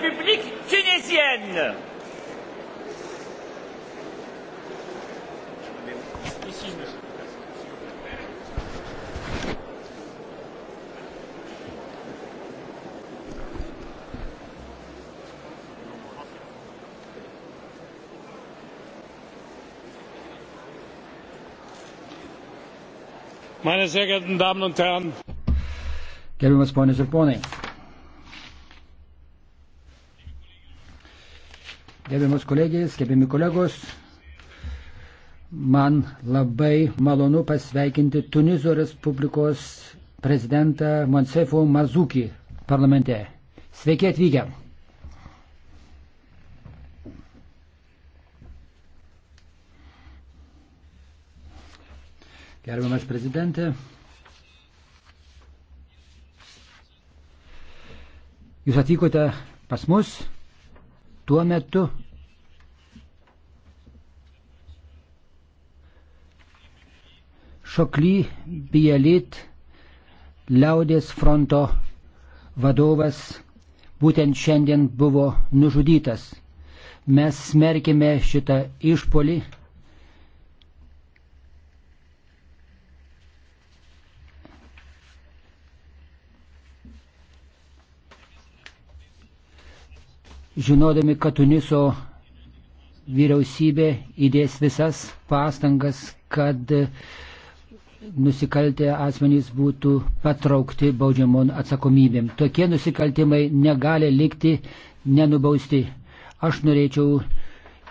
République tunisienne. Meine sehr geehrten Damen und Herren, Gerbiamas ponės ir ponai. Gerbiamas kolegijas, gerbiami kolegos, man labai malonu pasveikinti Tunizo Respublikos prezidentą Monsefo Mazukį parlamente. Sveiki atvykę. Gerbiamas prezidentė, jūs atvykote pas mus tuo metu, Šokly Bielit, liaudės fronto vadovas, būtent šiandien buvo nužudytas. Mes smerkime šitą išpolį. žinodami, kad Tuniso vyriausybė įdės visas pastangas, kad nusikaltę asmenys būtų patraukti baudžiamon atsakomybėm. Tokie nusikaltimai negali likti nenubausti. Aš norėčiau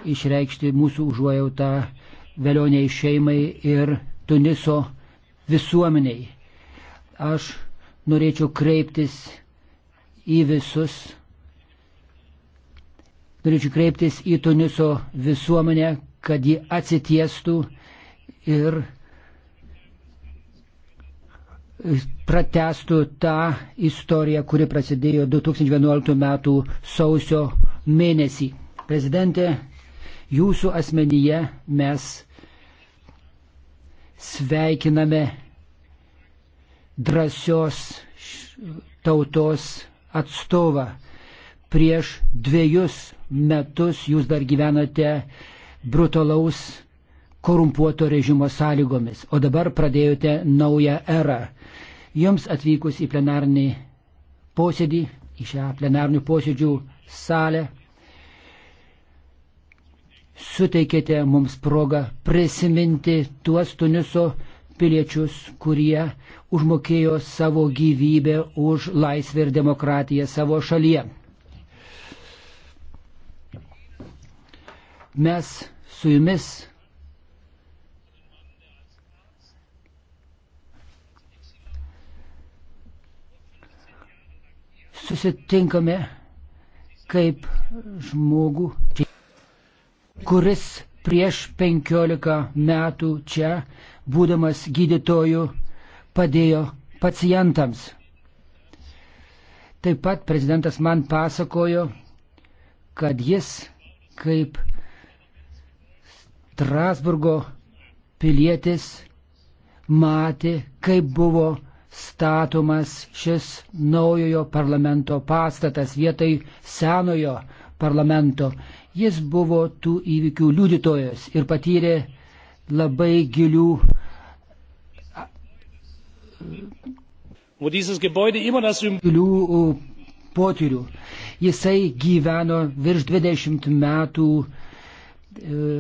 išreikšti mūsų užuojautą vėlioniai šeimai ir Tuniso visuomeniai. Aš norėčiau kreiptis į visus, norėčiau kreiptis į Tuniso visuomenę, kad ji atsitiestų ir pratestų tą istoriją, kuri prasidėjo 2011 m. sausio mėnesį. Prezidentė, jūsų asmenyje mes sveikiname drąsios tautos atstovą. Prieš dviejus metus jūs dar gyvenate brutalaus korumpuoto režimo sąlygomis, o dabar pradėjote naują erą. Jums atvykus į plenarnį posėdį, į šią plenarnių posėdžių salę, suteikėte mums progą prisiminti tuos Tuniso piliečius, kurie užmokėjo savo gyvybę už laisvę ir demokratiją savo šalyje. Mes su jumis susitinkame kaip žmogų, kuris prieš 15 metų čia, būdamas gydytoju, padėjo pacientams. Taip pat prezidentas man pasakojo, kad jis kaip Strasburgo pilietis matė, kaip buvo statomas šis naujojo parlamento pastatas vietai senojo parlamento. Jis buvo tų įvykių liudytojas ir patyrė labai gilių. gilių potyrių. Jisai gyveno virš 20 metų e,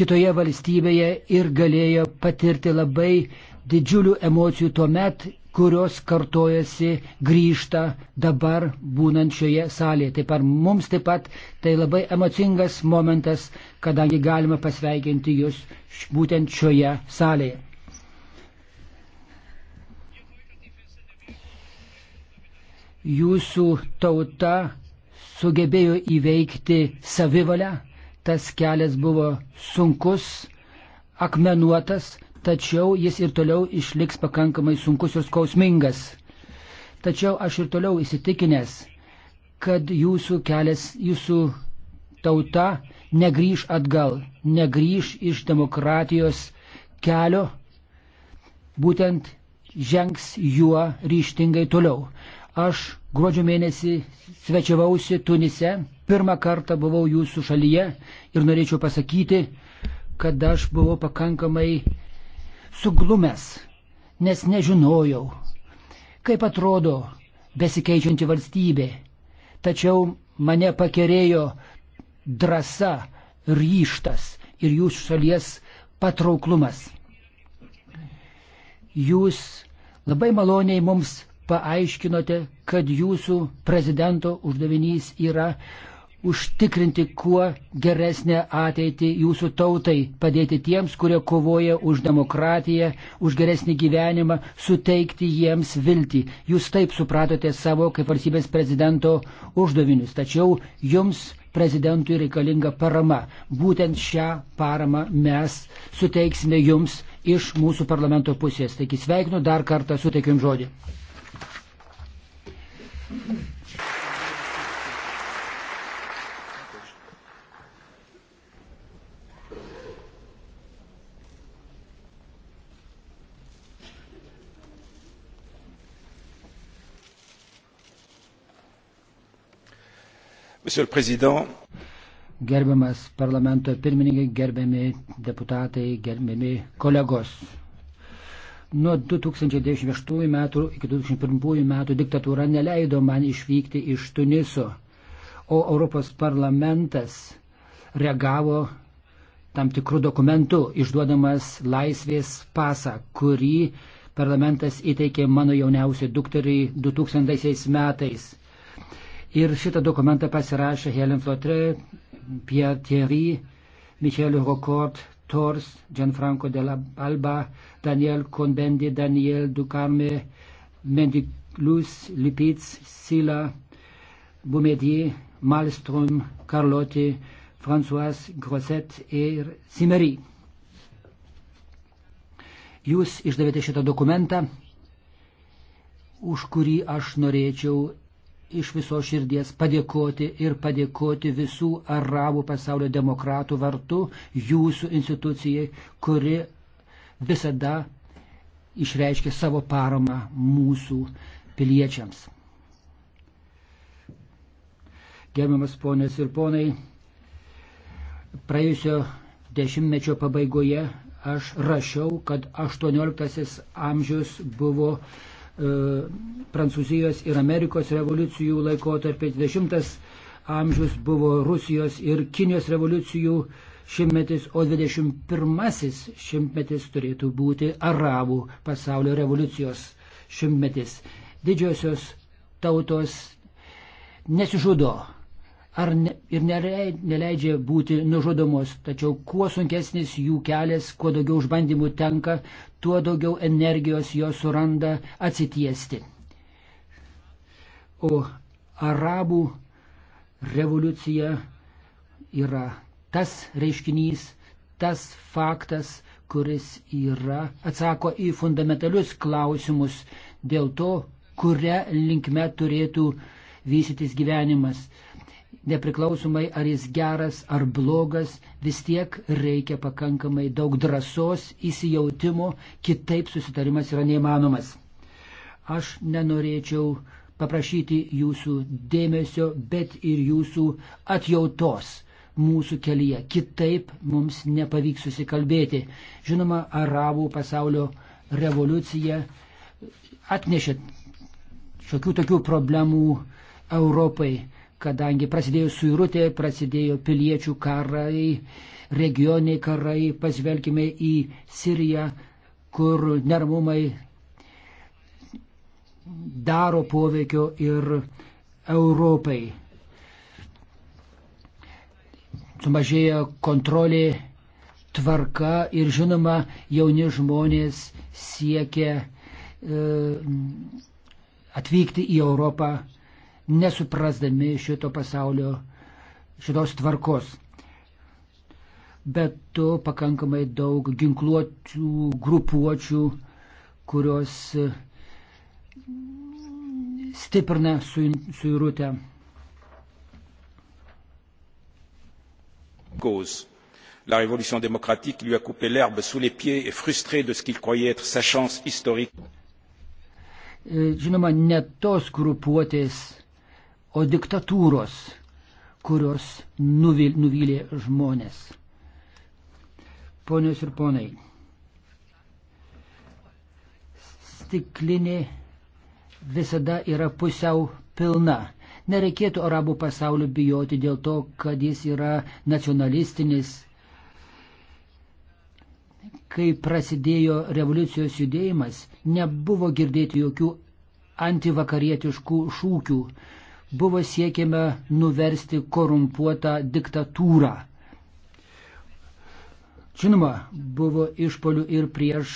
kitoje valstybėje ir galėjo patirti labai didžiulių emocijų tuo met, kurios kartojasi, grįžta dabar būnant šioje salėje. Taip pat mums taip pat tai labai emocingas momentas, kadangi galime pasveikinti jūs būtent šioje salėje. Jūsų tauta sugebėjo įveikti savivalę, tas kelias buvo sunkus, akmenuotas, tačiau jis ir toliau išliks pakankamai sunkus ir skausmingas. Tačiau aš ir toliau įsitikinęs, kad jūsų kelias, jūsų tauta negryž atgal, negryž iš demokratijos kelio, būtent žengs juo ryštingai toliau. Aš gruodžio mėnesį svečiavausi Tunise, pirmą kartą buvau jūsų šalyje ir norėčiau pasakyti, kad aš buvau pakankamai suglumęs, nes nežinojau, kaip atrodo besikeičianti valstybė. Tačiau mane pakerėjo drąsa, ryštas ir jūsų šalies patrauklumas. Jūs labai maloniai mums paaiškinote, kad jūsų prezidento uždavinys yra užtikrinti kuo geresnę ateitį jūsų tautai, padėti tiems, kurie kovoja už demokratiją, už geresnį gyvenimą, suteikti jiems viltį. Jūs taip supratote savo kaip valstybės prezidento uždavinius, tačiau jums prezidentui reikalinga parama. Būtent šią paramą mes suteiksime jums iš mūsų parlamento pusės. Taigi sveikinu dar kartą, suteikiu jums žodį. Thank you. Monsieur le Président. Gerbiamas parlamento pirmininkai, gerbiami deputatai, gerbiami kolegos. Nuo 2008 metų iki 2001 metų diktatūra neleido man išvykti iš Tuniso, o Europos parlamentas reagavo tam tikrų dokumentų, išduodamas laisvės pasą, kurį parlamentas įteikė mano jauniausiai dukteriai 2000 metais. Ir šitą dokumentą pasirašė Helen Flotre, Pierre Thierry, Michel Rocort, Tors, Gianfranco de la Alba, Daniel Conbendi, Daniel Ducarme, Mendiklus, Lipitz, Sila, Boumedier, Malmström, Carlotti, François Grosset ir Simery. Jūs išdavėte šitą dokumentą, už kurį aš norėčiau iš viso širdies padėkoti ir padėkoti visų arabų pasaulio demokratų vartų jūsų institucijai, kuri visada išreiškia savo paramą mūsų piliečiams. Gerbiamas ponės ir ponai, praėjusio dešimtmečio pabaigoje aš rašiau, kad 18 amžius buvo E, Prancūzijos ir Amerikos revoliucijų laikotarpį, 20 amžius buvo Rusijos ir Kinijos revoliucijų šimtmetis, o 21 šimtmetis turėtų būti arabų pasaulio revoliucijos šimtmetis. Didžiosios tautos nesižudo ar ne, ir neleidžia būti nužudomos. Tačiau kuo sunkesnis jų kelias, kuo daugiau užbandymų tenka, tuo daugiau energijos jos suranda atsitiesti. O arabų revoliucija yra tas reiškinys, tas faktas, kuris yra, atsako į fundamentalius klausimus dėl to, kuria linkme turėtų vystytis gyvenimas nepriklausomai ar jis geras ar blogas, vis tiek reikia pakankamai daug drąsos, įsijautimo, kitaip susitarimas yra neįmanomas. Aš nenorėčiau paprašyti jūsų dėmesio, bet ir jūsų atjautos mūsų kelyje. Kitaip mums nepavyks susikalbėti. Žinoma, arabų pasaulio revoliucija atnešė šiokių tokių problemų Europai kadangi prasidėjo suirutė, prasidėjo piliečių karai, regioniai karai, pasvelkime į Siriją, kur neramumai daro poveikio ir Europai. Sumažėjo kontrolė, tvarka ir žinoma, jauni žmonės siekia e, atvykti į Europą nesuprasdami šito pasaulio, šitos tvarkos. Bet to pakankamai daug ginkluotų grupuočių, kurios e, stiprina suirutę. Cause. La révolution démocratique lui a coupé l'herbe sous les pieds et frustré de ce qu'il croyait être sa chance historique. E, žinoma, net tos grupuotės o diktatūros, kurios nuvil, nuvylė žmonės. Ponios ir ponai, stiklinė visada yra pusiau pilna. Nereikėtų arabų pasaulio bijoti dėl to, kad jis yra nacionalistinis. Kai prasidėjo revoliucijos judėjimas, nebuvo girdėti jokių antivakarietiškų šūkių buvo siekiama nuversti korumpuotą diktatūrą. Žinoma, buvo išpolių ir prieš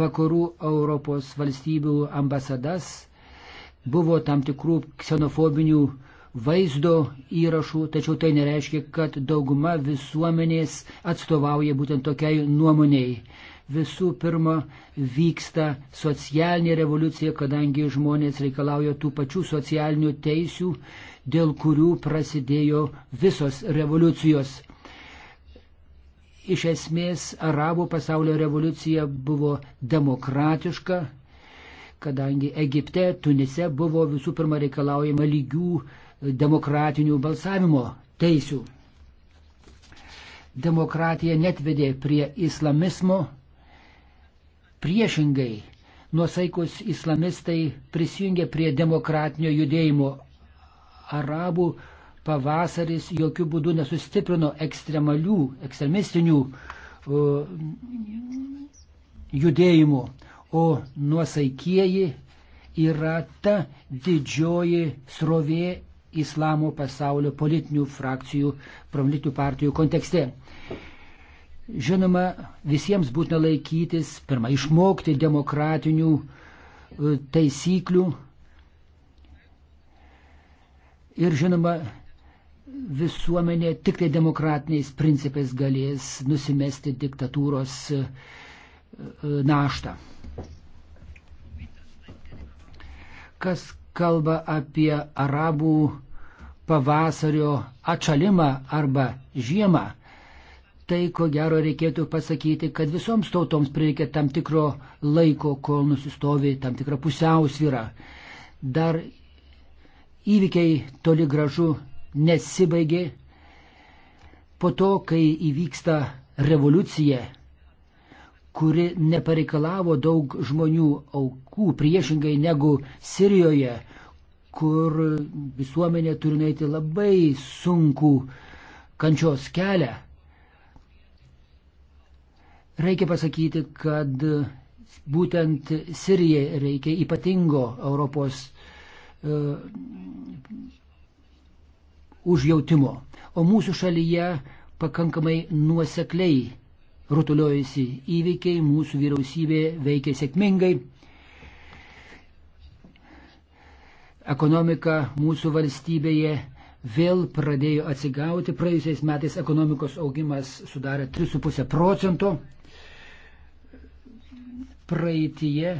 vakarų Europos valstybių ambasadas, buvo tam tikrų ksenofobinių vaizdo įrašų, tačiau tai nereiškia, kad dauguma visuomenės atstovauja būtent tokiai nuomonėjai visų pirma vyksta socialinė revoliucija, kadangi žmonės reikalauja tų pačių socialinių teisių, dėl kurių prasidėjo visos revoliucijos. Iš esmės, arabų pasaulio revoliucija buvo demokratiška, kadangi Egipte, Tunise buvo visų pirma reikalaujama lygių demokratinių balsavimo teisių demokratija netvedė prie islamismo, Priešingai, nuosaikus islamistai prisijungė prie demokratinio judėjimo. Arabų pavasaris jokių būdų nesustiprino ekstremalių, ekstremistinių uh, judėjimų, o nuosaikieji yra ta didžioji srovė islamo pasaulio politinių frakcijų, politinių partijų kontekste. Žinoma, visiems būtina laikytis, pirmą išmokti demokratinių e, taisyklių ir žinoma, visuomenė tik tai demokratiniais principais galės nusimesti diktatūros e, e, naštą. Kas kalba apie arabų pavasario atšalimą arba žiemą, tai ko gero reikėtų pasakyti, kad visoms tautoms prireikia tam tikro laiko, kol nusistovi tam tikra pusiausvyra. Dar įvykiai toli gražu nesibaigė. Po to, kai įvyksta revoliucija, kuri nepareikalavo daug žmonių aukų, priešingai negu Sirijoje, kur visuomenė turi nueiti labai sunku kančios kelią, Reikia pasakyti, kad būtent Sirijai reikia ypatingo Europos uh, užjautimo. O mūsų šalyje pakankamai nuosekliai rutuliojasi įvykiai, mūsų vyriausybė veikia sėkmingai. Ekonomika mūsų valstybėje vėl pradėjo atsigauti. Praėjusiais metais ekonomikos augimas sudarė 3,5 procento praeitie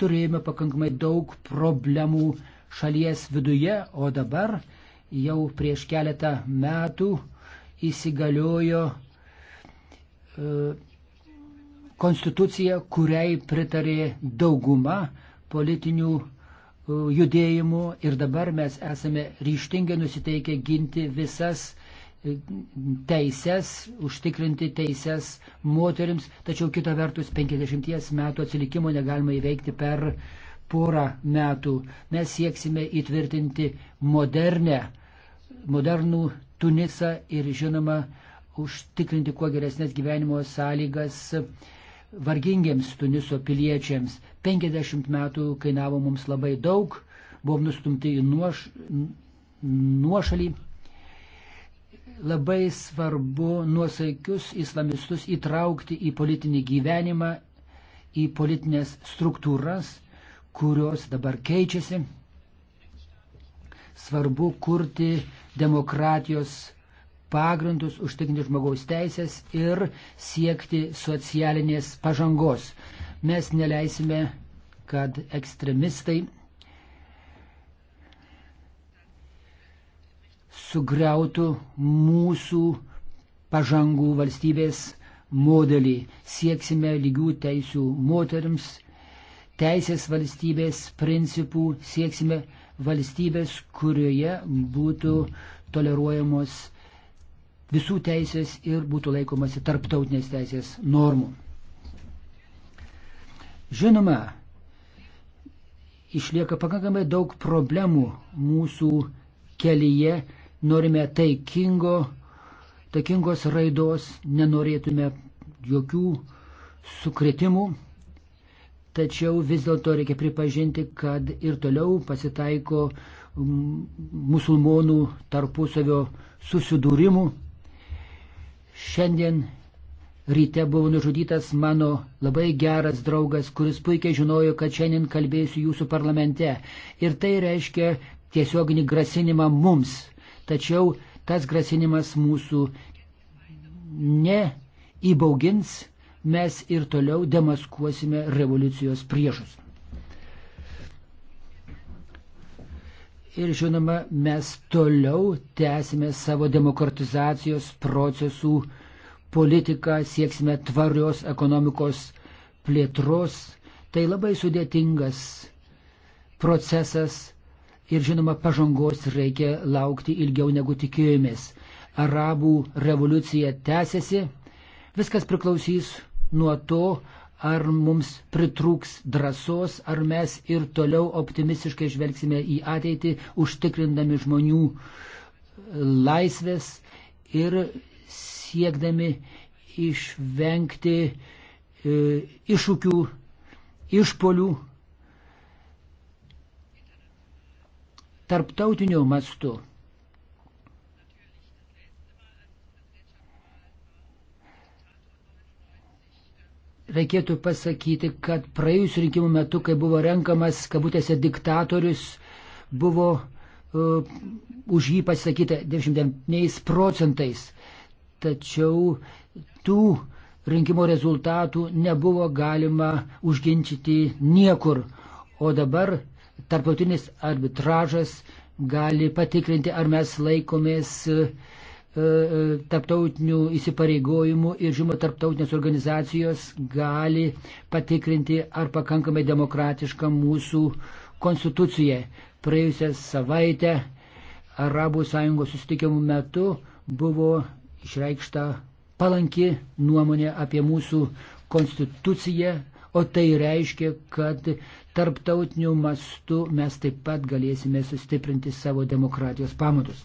turėjome pakankamai daug problemų šalies viduje, o dabar jau prieš keletą metų įsigaliojo e, konstitucija, kuriai pritarė dauguma politinių e, judėjimų ir dabar mes esame ryštingai nusiteikę ginti visas teises, užtikrinti teises moteriams, tačiau kita vertus 50 metų atsilikimo negalima įveikti per porą metų. Mes sieksime įtvirtinti modernę, modernų Tunisą ir žinoma užtikrinti kuo geresnės gyvenimo sąlygas vargingiems Tuniso piliečiams. 50 metų kainavo mums labai daug, buvom nustumti į nuoš, nuošalį labai svarbu nuosaikius islamistus įtraukti į politinį gyvenimą, į politinės struktūras, kurios dabar keičiasi. Svarbu kurti demokratijos pagrindus, užtikrinti žmogaus teisės ir siekti socialinės pažangos. Mes neleisime, kad ekstremistai sugriautų mūsų pažangų valstybės modelį. Sieksime lygių teisių moteriams, teisės valstybės principų, sieksime valstybės, kurioje būtų toleruojamos visų teisės ir būtų laikomasi tarptautinės teisės normų. Žinoma, išlieka pakankamai daug problemų mūsų kelyje norime taikingo, taikingos raidos, nenorėtume jokių sukretimų. Tačiau vis dėlto reikia pripažinti, kad ir toliau pasitaiko musulmonų tarpusavio susidūrimų. Šiandien ryte buvo nužudytas mano labai geras draugas, kuris puikiai žinojo, kad šiandien kalbėsiu jūsų parlamente. Ir tai reiškia tiesioginį grasinimą mums tačiau tas grasinimas mūsų neįbaugins, mes ir toliau demaskuosime revoliucijos priešus. Ir žinoma, mes toliau tęsime savo demokratizacijos procesų politiką, sieksime tvarios ekonomikos plėtros. Tai labai sudėtingas procesas, Ir žinoma, pažangos reikia laukti ilgiau negu tikėjomės. Arabų revoliucija tęsiasi. Viskas priklausys nuo to, ar mums pritrūks drąsos, ar mes ir toliau optimistiškai žvelgsime į ateitį, užtikrindami žmonių e, laisvės ir siekdami išvengti e, iššūkių, išpolių tarptautiniu mastu. Reikėtų pasakyti, kad praėjusiu rinkimų metu, kai buvo renkamas, kabutėse, diktatorius, buvo uh, už jį pasakyta 99 procentais. Tačiau tų rinkimo rezultatų nebuvo galima užginčyti niekur. O dabar tarptautinis arbitražas gali patikrinti, ar mes laikomės e, e, tarptautinių įsipareigojimų ir, žinoma, tarptautinės organizacijos gali patikrinti, ar pakankamai demokratiška mūsų konstitucija. Praėjusią savaitę Arabų sąjungos susitikimų metu buvo išreikšta palanki nuomonė apie mūsų konstituciją, o tai reiškia, kad tarptautiniu mastu mes taip pat galėsime sustiprinti savo demokratijos pamatus.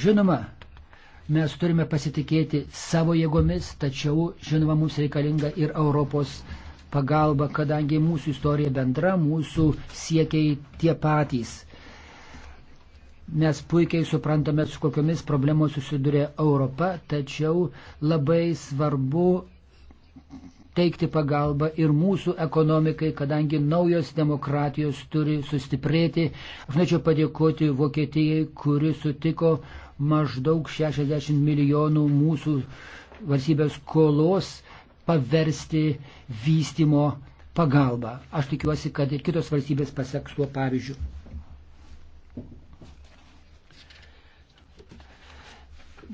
Žinoma, mes turime pasitikėti savo jėgomis, tačiau, žinoma, mums reikalinga ir Europos pagalba, kadangi mūsų istorija bendra, mūsų siekiai tie patys. Mes puikiai suprantame, su kokiomis problemos susiduria Europa, tačiau labai svarbu teikti pagalbą ir mūsų ekonomikai, kadangi naujos demokratijos turi sustiprėti. Aš norėčiau padėkoti Vokietijai, kuri sutiko maždaug 60 milijonų mūsų valstybės kolos paversti vystimo pagalbą. Aš tikiuosi, kad ir kitos valstybės paseks tuo pavyzdžiu.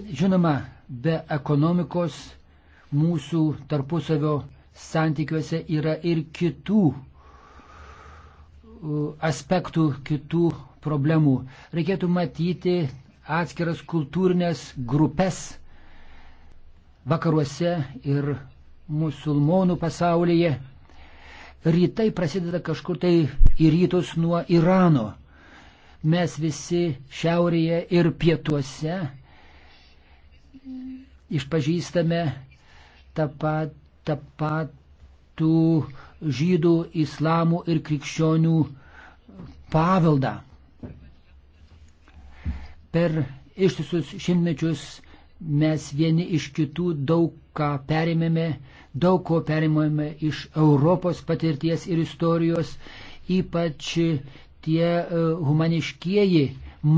Žinoma, be ekonomikos mūsų tarpusavio santykiuose yra ir kitų aspektų, kitų problemų. Reikėtų matyti atskiras kultūrinės grupės vakaruose ir musulmonų pasaulyje. Rytai prasideda kažkur tai į rytus nuo Irano. Mes visi šiaurėje ir pietuose išpažįstame tą patį tą patų žydų, islamų ir krikščionių paveldą. Per ištisus šimtmečius mes vieni iš kitų daug ką perėmėme, daug ko perėmėme iš Europos patirties ir istorijos, ypač tie e, humaniškieji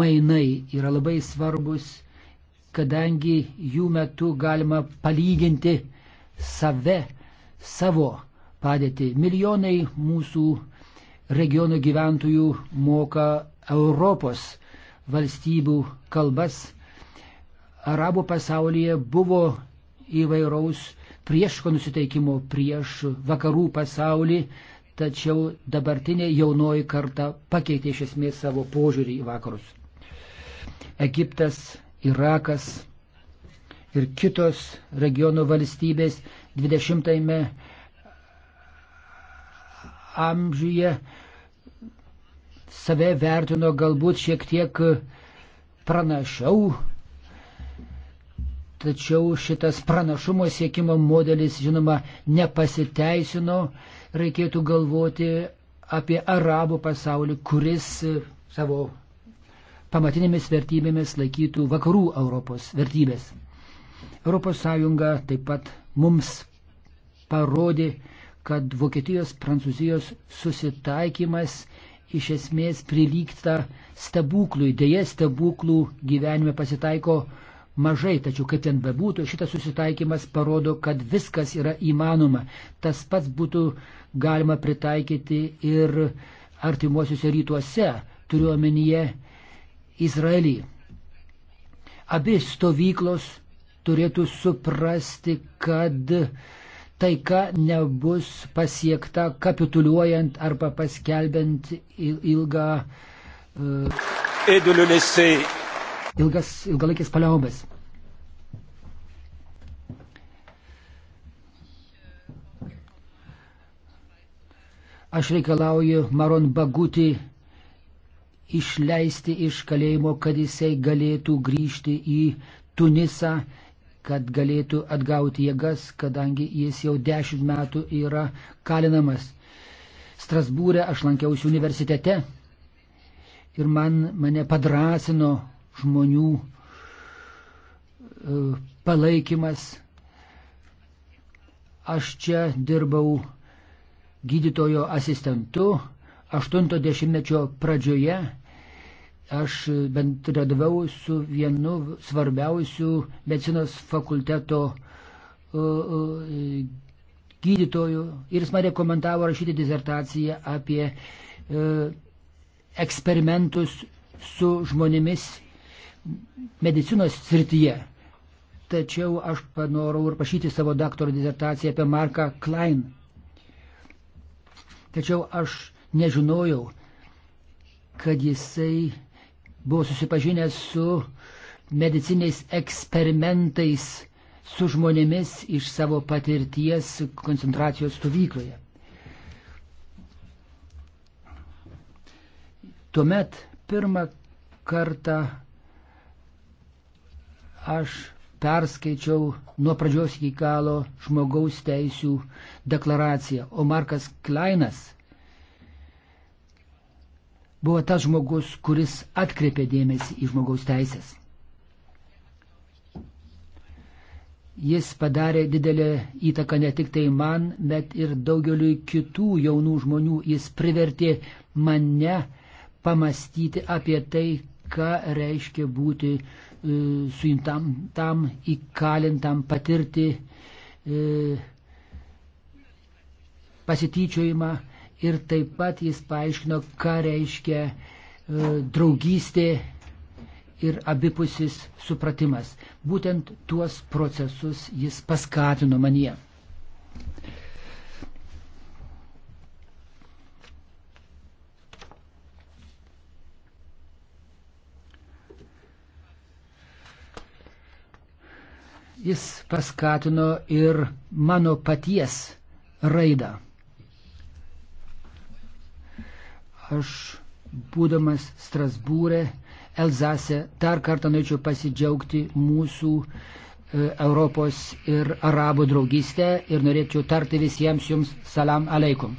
mainai yra labai svarbus, kadangi jų metu galima palyginti save, savo padėtį. Milijonai mūsų regiono gyventojų moka Europos valstybių kalbas. Arabų pasaulyje buvo įvairaus prieško nusiteikimo prieš vakarų pasaulį, tačiau dabartinė jaunoji karta pakeitė iš esmės savo požiūrį į vakarus. Egiptas, Irakas, ir kitos regionų valstybės 20-ame amžiuje save vertino galbūt šiek tiek pranašiau, tačiau šitas pranašumo siekimo modelis, žinoma, nepasiteisino, reikėtų galvoti apie arabų pasaulį, kuris savo pamatinėmis vertybėmis laikytų vakarų Europos vertybės. ES taip pat mums parodė, kad Vokietijos-Prancūzijos susitaikymas iš esmės prilygsta stebuklui. Deja, stebuklų gyvenime pasitaiko mažai, tačiau kaip ten bebūtų, šitas susitaikymas parodo, kad viskas yra įmanoma. Tas pats būtų galima pritaikyti ir artimuosiuose rytuose, turiuomenyje Izraelį. Abi stovyklos turėtų suprasti, kad taika nebus pasiekta kapituliuojant arba paskelbent ilgą. E, ilgas, ilgalaikis paliaubas. aš reikalauju Maron Bagutį išleisti iš kalėjimo, kad jisai galėtų grįžti į Tunisą kad galėtų atgauti jėgas, kadangi jis jau dešimt metų yra kalinamas. Strasbūrė aš lankiausi universitete ir man mane padrasino žmonių e, palaikymas. Aš čia dirbau gydytojo asistentu 80-mečio pradžioje Aš bendradavau su vienu svarbiausių medicinos fakulteto gydytoju ir jis man rekomendavo rašyti dizertaciją apie e, eksperimentus su žmonėmis medicinos srityje. Tačiau aš panorau ir pašyti savo daktaro dizertaciją apie Marką Klein. Tačiau aš nežinojau, kad jisai buvo susipažinęs su mediciniais eksperimentais su žmonėmis iš savo patirties koncentracijos stovykloje. Tuomet pirmą kartą aš perskaičiau nuo pradžios iki galo žmogaus teisų deklaraciją, o Markas Kleinas buvo tas žmogus, kuris atkreipė dėmesį į žmogaus teisės. Jis padarė didelę įtaką ne tik tai man, bet ir daugeliui kitų jaunų žmonių. Jis privertė mane pamastyti apie tai, ką reiškia būti e, suimtam, tam įkalintam, patirti e, pasityčiojimą, ir taip pat jis paaiškino, ką reiškia e, draugystė ir abipusis supratimas. Būtent tuos procesus jis paskatino manie. Jis paskatino ir mano paties raidą. Aš, būdamas Strasbūrė, Elzase, dar kartą norėčiau pasidžiaugti mūsų e, Europos ir Arabų draugystę ir norėčiau tarti visiems jums salam aleikum.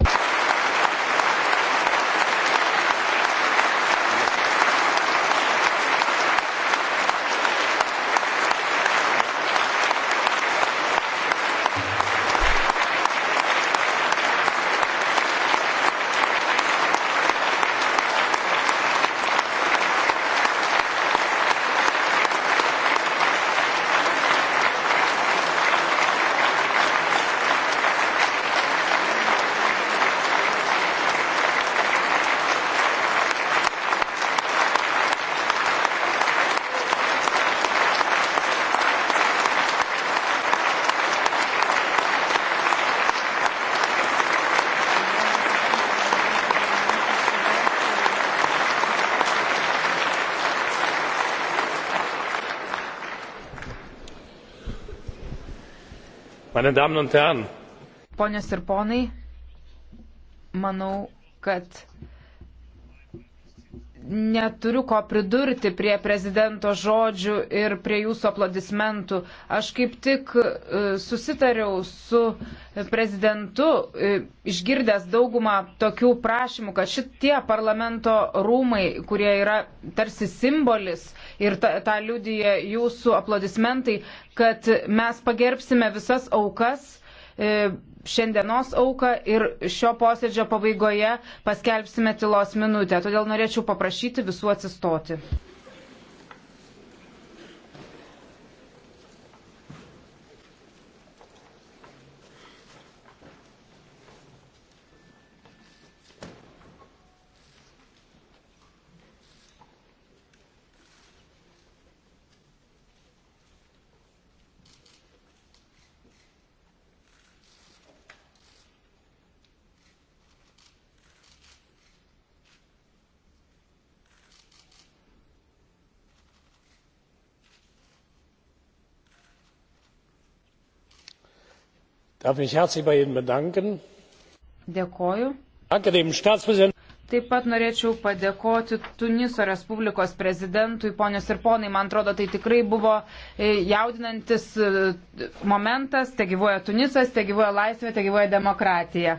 Meine Damen und Herren. Ponios ir ponai, manau, kad neturiu ko pridurti prie prezidento žodžių ir prie jūsų aplodismentų. Aš kaip tik e, susitariau su prezidentu, e, išgirdęs daugumą tokių prašymų, kad šitie parlamento rūmai, kurie yra tarsi simbolis ir tą, tą liudyje jūsų aplodismentai, kad mes pagerbsime visas aukas e, šiandienos auką ir šio posėdžio pabaigoje paskelbsime tylos minutę. Todėl norėčiau paprašyti visų atsistoti. darf mich herzlich bei Ihnen bedanken. Dėkoju. Danke dem Staatspräsidenten. Taip pat norėčiau padėkoti Tuniso Respublikos prezidentui, ponios ir ponai, man atrodo, tai tikrai buvo e, jaudinantis e, momentas, te gyvoja Tunisas, te gyvoja laisvė, te gyvoja demokratija.